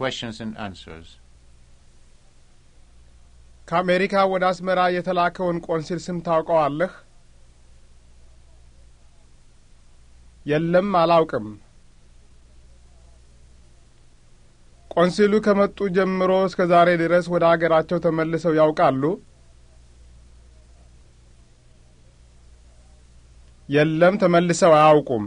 questions and answers. ከአሜሪካ ወደ አስመራ የተላከውን ቆንሲል ስም ታውቀዋለህ? የለም፣ አላውቅም። ቆንሲሉ ከመጡ ጀምሮ እስከ ዛሬ ድረስ ወደ አገራቸው ተመልሰው ያውቃሉ? የለም፣ ተመልሰው አያውቁም።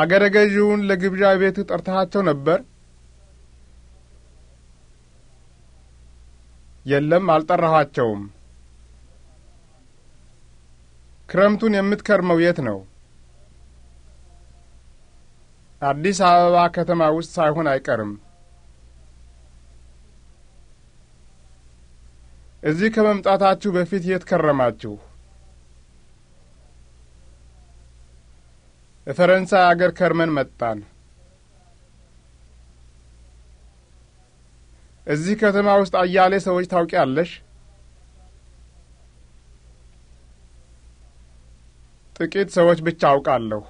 አገረ ገዢውን ለግብዣ ቤት ጠርተሃቸው ነበር? የለም፣ አልጠራኋቸውም። ክረምቱን የምትከርመው የት ነው? አዲስ አበባ ከተማ ውስጥ ሳይሆን አይቀርም። እዚህ ከመምጣታችሁ በፊት የት ከረማችሁ? ፈረንሳይ አገር ከርመን መጣን። እዚህ ከተማ ውስጥ አያሌ ሰዎች ታውቂያለሽ? ጥቂት ሰዎች ብቻ አውቃለሁ።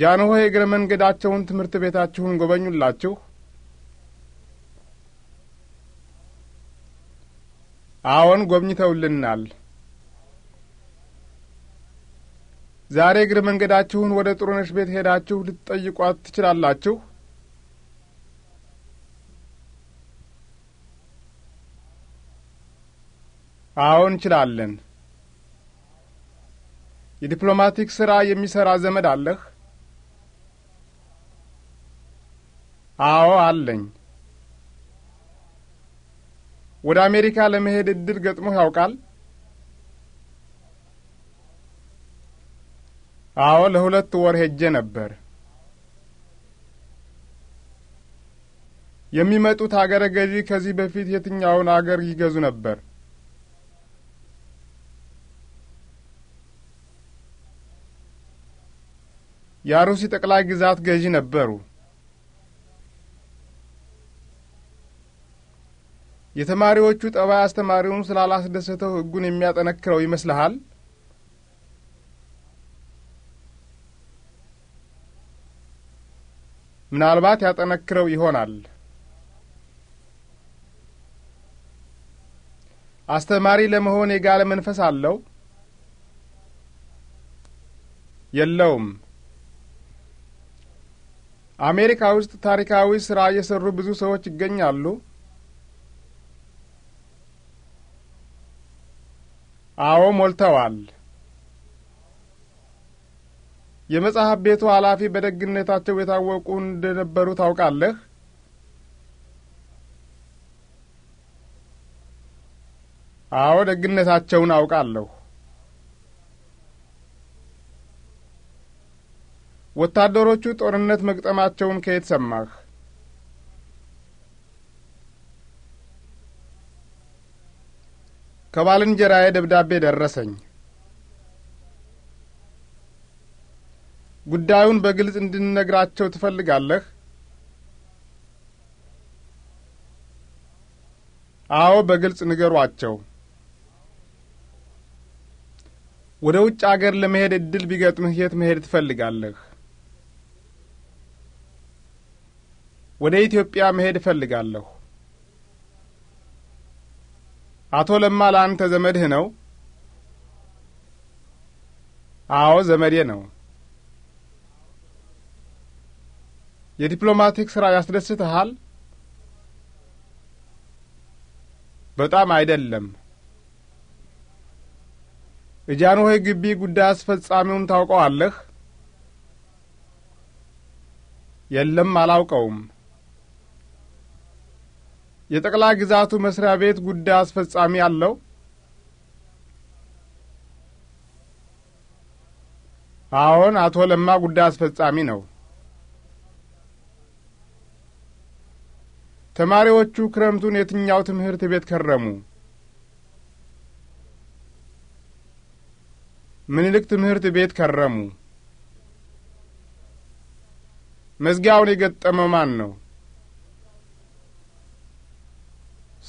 ጃንሆይ እግረ መንገዳቸውን ትምህርት ቤታችሁን ጎበኙላችሁ? አዎን፣ ጎብኝተውልናል። ዛሬ እግር መንገዳችሁን ወደ ጥሩነሽ ቤት ሄዳችሁ ልትጠይቋት ትችላላችሁ። አዎ እንችላለን። የዲፕሎማቲክ ሥራ የሚሠራ ዘመድ አለህ? አዎ አለኝ። ወደ አሜሪካ ለመሄድ እድል ገጥሞህ ያውቃል? አዎ ለሁለት ወር ሄጄ ነበር። የሚመጡት አገረ ገዢ ከዚህ በፊት የትኛውን አገር ይገዙ ነበር? የአሩሲ ጠቅላይ ግዛት ገዢ ነበሩ። የተማሪዎቹ ጠባይ አስተማሪውን ስላላስደሰተው ሕጉን የሚያጠነክረው ይመስልሃል? ምናልባት ያጠነክረው ይሆናል። አስተማሪ ለመሆን የጋለ መንፈስ አለው? የለውም። አሜሪካ ውስጥ ታሪካዊ ስራ የሰሩ ብዙ ሰዎች ይገኛሉ? አዎ ሞልተዋል። የመጽሐፍ ቤቱ ኃላፊ በደግነታቸው የታወቁ እንደነበሩ ታውቃለህ? አዎ፣ ደግነታቸውን አውቃለሁ። ወታደሮቹ ጦርነት መግጠማቸውን ከየት ሰማህ? ከባልንጀራዬ ደብዳቤ ደረሰኝ። ጉዳዩን በግልጽ እንድንነግራቸው ትፈልጋለህ? አዎ፣ በግልጽ ንገሯቸው። ወደ ውጭ አገር ለመሄድ እድል ቢገጥምህ የት መሄድ ትፈልጋለህ? ወደ ኢትዮጵያ መሄድ እፈልጋለሁ። አቶ ለማ ለአንተ ዘመድህ ነው? አዎ፣ ዘመዴ ነው። የዲፕሎማቲክ ስራ ያስደስትሃል? በጣም አይደለም። የጃንሆይ ግቢ ጉዳይ አስፈጻሚውን ታውቀዋለህ? የለም፣ አላውቀውም። የጠቅላይ ግዛቱ መስሪያ ቤት ጉዳይ አስፈጻሚ አለው? አዎን፣ አቶ ለማ ጉዳይ አስፈጻሚ ነው። ተማሪዎቹ ክረምቱን የትኛው ትምህርት ቤት ከረሙ? ምኒልክ ትምህርት ቤት ከረሙ። መዝጊያውን የገጠመው ማን ነው?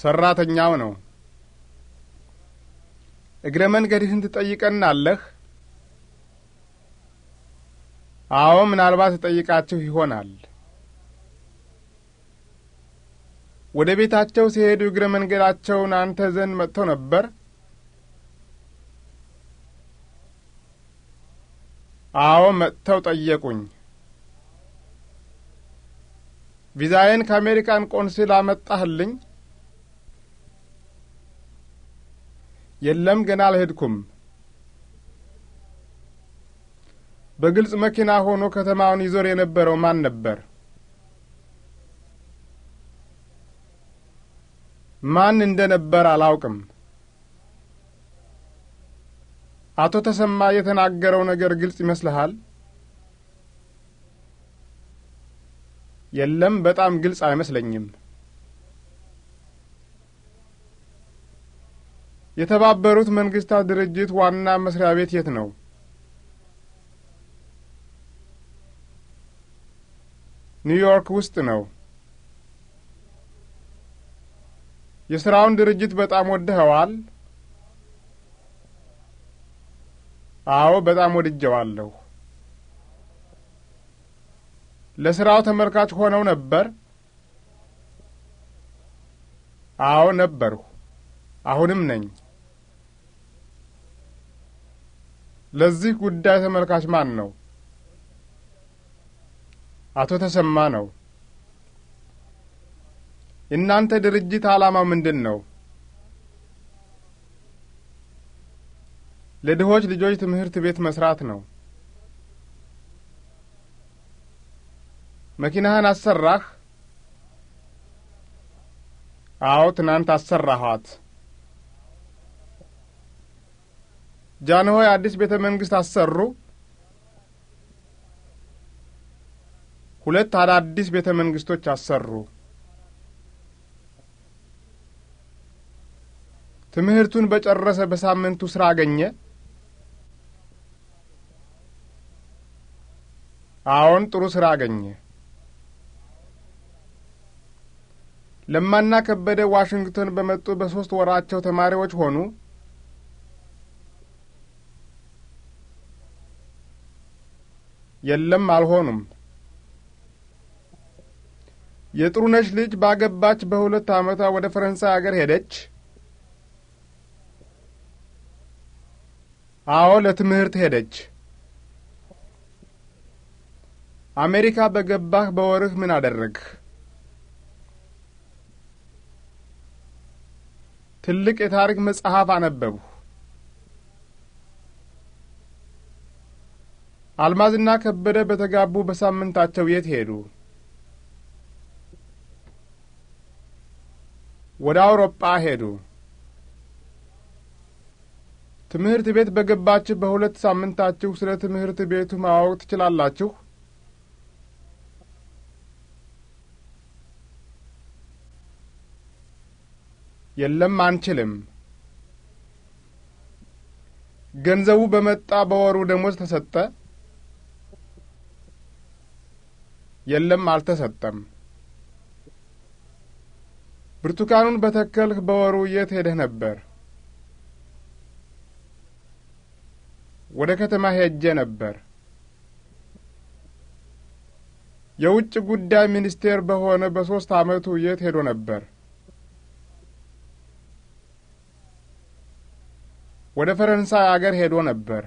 ሰራተኛው ነው። እግረ መንገድህን ትጠይቀናለህ? አዎ፣ ምናልባት ትጠይቃችሁ ይሆናል። ወደ ቤታቸው ሲሄዱ እግረ መንገዳቸውን አንተ ዘንድ መጥተው ነበር? አዎ፣ መጥተው ጠየቁኝ። ቪዛዬን ከአሜሪካን ቆንስል አመጣህልኝ? የለም፣ ገና አልሄድኩም። በግልጽ መኪና ሆኖ ከተማውን ይዞር የነበረው ማን ነበር? ማን እንደ ነበር አላውቅም። አቶ ተሰማ የተናገረው ነገር ግልጽ ይመስልሃል? የለም፣ በጣም ግልጽ አይመስለኝም። የተባበሩት መንግስታት ድርጅት ዋና መስሪያ ቤት የት ነው? ኒውዮርክ ውስጥ ነው። የሥራውን ድርጅት በጣም ወድኸዋል? አዎ በጣም ወድጀዋለሁ። ለሥራው ተመልካች ሆነው ነበር? አዎ ነበርሁ። አሁንም ነኝ። ለዚህ ጉዳይ ተመልካች ማን ነው? አቶ ተሰማ ነው። የእናንተ ድርጅት ዓላማ ምንድን ነው? ለድሆች ልጆች ትምህርት ቤት መስራት ነው። መኪናህን አሰራህ? አዎ፣ ትናንት አሰራኋት። ጃንሆይ አዲስ ቤተ መንግሥት አሰሩ? ሁለት አዳዲስ ቤተ መንግሥቶች አሰሩ። ትምህርቱን በጨረሰ በሳምንቱ ሥራ አገኘ? አዎን፣ ጥሩ ሥራ አገኘ። ለማና ከበደ ዋሽንግተን በመጡ በሦስት ወራቸው ተማሪዎች ሆኑ? የለም፣ አልሆኑም። የጥሩነሽ ልጅ ባገባች በሁለት ዓመቷ ወደ ፈረንሳይ አገር ሄደች? አዎ ለትምህርት ሄደች። አሜሪካ በገባህ በወርህ ምን አደረግህ? ትልቅ የታሪክ መጽሐፍ አነበብሁ። አልማዝና ከበደ በተጋቡ በሳምንታቸው የት ሄዱ? ወደ አውሮጳ ሄዱ። ትምህርት ቤት በገባችሁ በሁለት ሳምንታችሁ ስለ ትምህርት ቤቱ ማወቅ ትችላላችሁ። የለም፣ አንችልም። ገንዘቡ በመጣ በወሩ ደሞዝ ተሰጠ? የለም፣ አልተሰጠም። ብርቱካኑን በተከልህ በወሩ የት ሄደህ ነበር? ወደ ከተማ ሄጄ ነበር። የውጭ ጉዳይ ሚኒስቴር በሆነ በሶስት ዓመቱ የት ሄዶ ነበር? ወደ ፈረንሳይ አገር ሄዶ ነበር።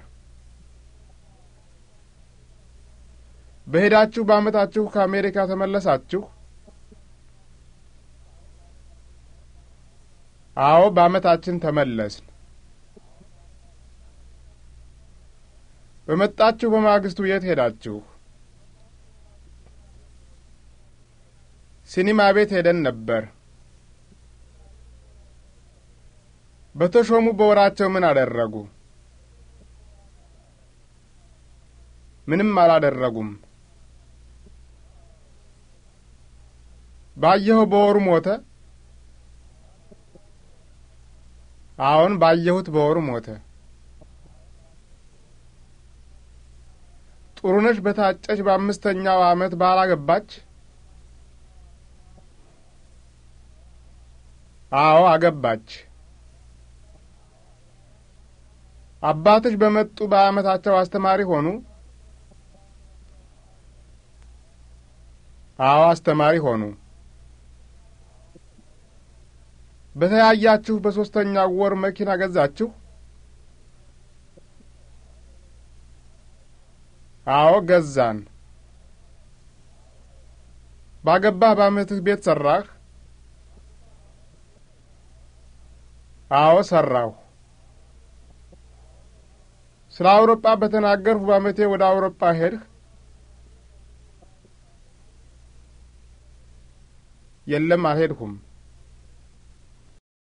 በሄዳችሁ በዓመታችሁ ከአሜሪካ ተመለሳችሁ? አዎ፣ በዓመታችን ተመለስን። በመጣችሁ በማግስቱ የት ሄዳችሁ? ሲኒማ ቤት ሄደን ነበር። በተሾሙ በወራቸው ምን አደረጉ? ምንም አላደረጉም። ባየኸው በወሩ ሞተ? አዎን፣ ባየሁት በወሩ ሞተ። ጥሩነሽ በታጨች በአምስተኛው ዓመት ባላገባች? አዎ አገባች። አባትሽ በመጡ በዓመታቸው አስተማሪ ሆኑ? አዎ አስተማሪ ሆኑ። በተያያችሁ በሦስተኛው ወር መኪና ገዛችሁ? አዎ ገዛን። ባገባህ በአመትህ ቤት ሠራህ? አዎ ሰራሁ። ስለ አውሮፓ በተናገርሁ በአመቴ ወደ አውሮፓ ሄድህ? የለም አልሄድሁም።